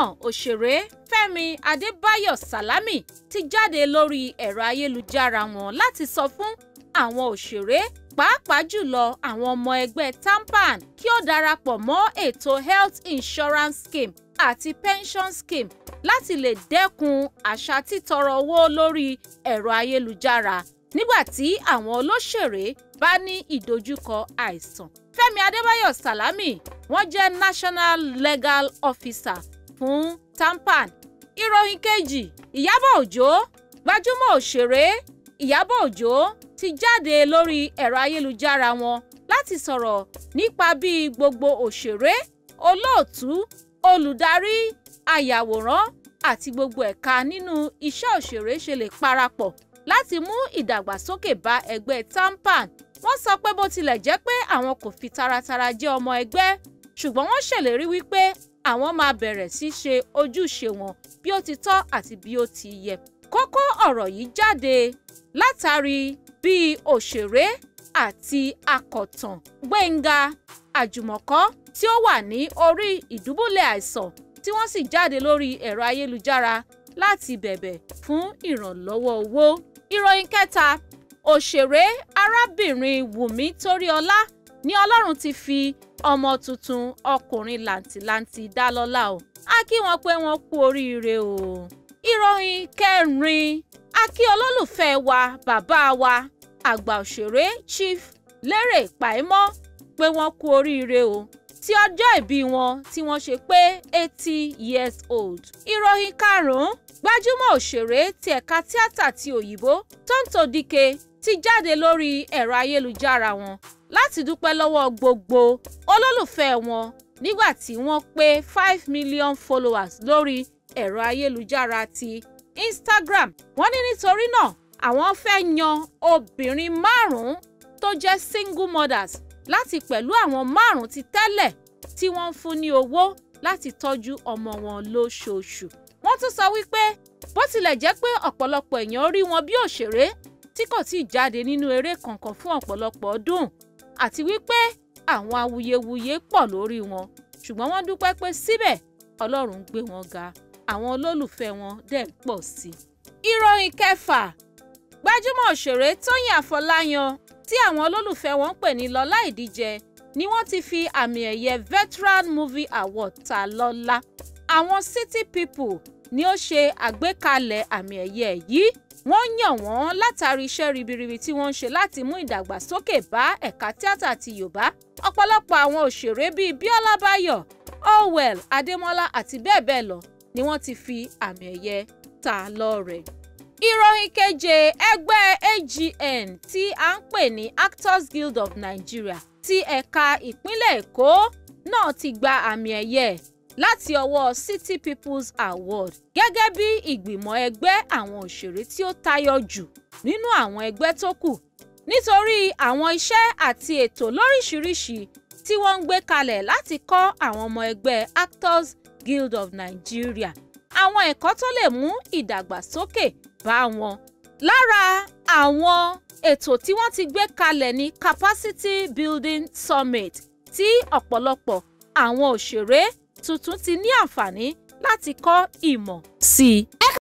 náà òṣèré Fẹ́mi Adébáyọ̀ Sálámì ti jáde lórí ẹ̀rọ ayélujára wọn láti sọ fún àwọn òṣèré pàápàá jùlọ àwọn ọmọ ẹgbẹ́ TAMPAN kí ó darapọ̀ mọ́ ètò health insurance scheme àti pension scheme láti lè dẹ́kun àṣà títọrọ owó lórí ẹ̀rọ ayélujára nígbà tí àwọn olóṣèré bá ní ìdojúkọ àìsàn. Fẹ́mi Adébáyọ̀ Sálámì wọ́n jẹ́ National Legal Officer fún tampan. ìròyìn kejì ìyábọ̀ òjó gbajúmọ̀ òṣèré ìyábọ̀ òjó ti jáde lórí ẹ̀rọ ayélujára wọn láti sọ̀rọ̀ nípa bí gbogbo òṣèré olóòtú olùdarí ayàwòrán àti gbogbo ẹ̀ka nínú iṣẹ́ òṣèré ṣe lè parapọ̀ láti mú ìdàgbàsókè bá ẹgbẹ́ tampan wọ́n sọ pé bó tilẹ̀ jẹ́ pé àwọn kò fi taratara jẹ́ ọmọ ẹgbẹ́ ṣùgbọ́n wọ́n ṣèlérí wípé àwọn máa bẹ̀rẹ̀ sí ṣe ojúṣe wọn bí ó ti tọ́ àti bí ó ti yẹ. kókó ọ̀rọ̀ yìí jáde látàrí bí òṣèré àti akọ̀tàn Gbẹ́ngà Àjùmọ̀kọ́ tí ó wà ní orí ìdùbúlẹ̀ àìsàn tí wọ́n sì jáde lórí ẹ̀rọ ayélujára láti bẹ̀bẹ̀ fún ìrànlọ́wọ́ owó. ìròyìn kẹta òṣèré arábìnrin Wùmí Toríọlá ni ọlọ́run ti fi ọmọ tuntun ọkùnrin làǹtìlanti dá lọ́lá o a kí wọn pé wọn kú oríire o ìròyìn kẹrin a kí olólùfẹ́ wa bàbá wa àgbà òṣèré Chief Lérè Pàímọ́ pé wọ́n kú oríire o ti ọjọ́ ìbí wọn tí wọ́n ṣe pé eighty years old. ìròyìn karùn-ún gbajúmọ̀ òṣèré ti ẹ̀ka tíátà ti òyìnbó Tonto Dike ti jáde lórí ẹ̀rọ ayélujára wọn láti dúpẹ́ lọ́wọ́ gbogbo olólùfẹ́ wọn nígbà tí wọ́n pé five million followers lórí ẹ̀rọ ayélujára ti Instagram wọ́n ní nítorí náà àwọn fẹ́ yan obìnrin márùn-ún tó jẹ́ single mothers láti pẹ̀lú àwọn márùn-ún ti tẹ́lẹ̀ tí wọ́n ń fún ní owó láti tọ́jú ọmọ wọn lóṣooṣù. wọ́n tún sọ wípé bó tilẹ̀ jẹ́ pé ọ̀pọ̀lọpọ̀ èèyàn rí wọn bí òṣèré tí kò tíì jáde nínú eré kankan fún ọ̀pọ̀lọpọ̀ ọdún àti wípé àwọn awuyewuye pọ̀ lórí wọn ṣùgbọ́n wọ́n dúpẹ́ pé síbẹ̀ Ọlọ́run ń gbé wọn ga àwọn olólùfẹ́ wọn dẹ̀ ń pọ̀ sí i. ìròyìn kẹfà gbajúmọ̀ òṣèré Tóyìn Àfọláyan tí àwọn olólùfẹ́ wọn pè ní Lọ́lá Ìdíje ni wọ́n ti fi àmì ẹ̀yẹ Veteran Movie Award ta lọ́lá àwọn City People ni ó ṣe àgbékalẹ̀ àmì ẹ̀yẹ yìí wọ́n yàn wọ́n látàrí iṣẹ́ ribiribi tí wọ́n ń ṣe láti mú ìdàgbàsókè bá ẹ̀ka tíátà ti Yorùbá ọ̀pọ̀lọpọ̀ àwọn òṣèré bíi Bíọ́lá Báyọ̀ Howell Adémọ́lá àti bẹ́ẹ̀ bẹ́ẹ̀ lọ ni wọ́n ti fi àmì ẹ̀yẹ ta lọ́rẹ. Ìròyìn keje ẹgbẹ́ AGN tí a ń pè ní Actors Guild of Nigeria ti ẹ̀ka ìpínlẹ̀ Èkó náà ti gba àmì ẹ̀yẹ láti ọwọ́ City People's Award gẹ́gẹ́ bí ìgbìmọ̀ ẹgbẹ́ àwọn òṣèré tí ó tayọ jù nínú àwọn ẹgbẹ́ tó kù nítorí àwọn iṣẹ́ àti ètò lóríṣiríṣi tí wọ́n ń gbé kalẹ̀ láti kọ́ àwọn ọmọ ẹgbẹ́ Actors Guild of Nigeria àwọn ẹ̀kọ́ tó lè mú ìdàgbàsókè bá wọn lára àwọn ètò tí wọ́n ti gbé kalẹ̀ ní Capacity Building Summit tí ọ̀pọ̀lọpọ̀ àwọn òṣèré tuntun ti ní àǹfààní láti kọ́ ìmọ̀ sí i.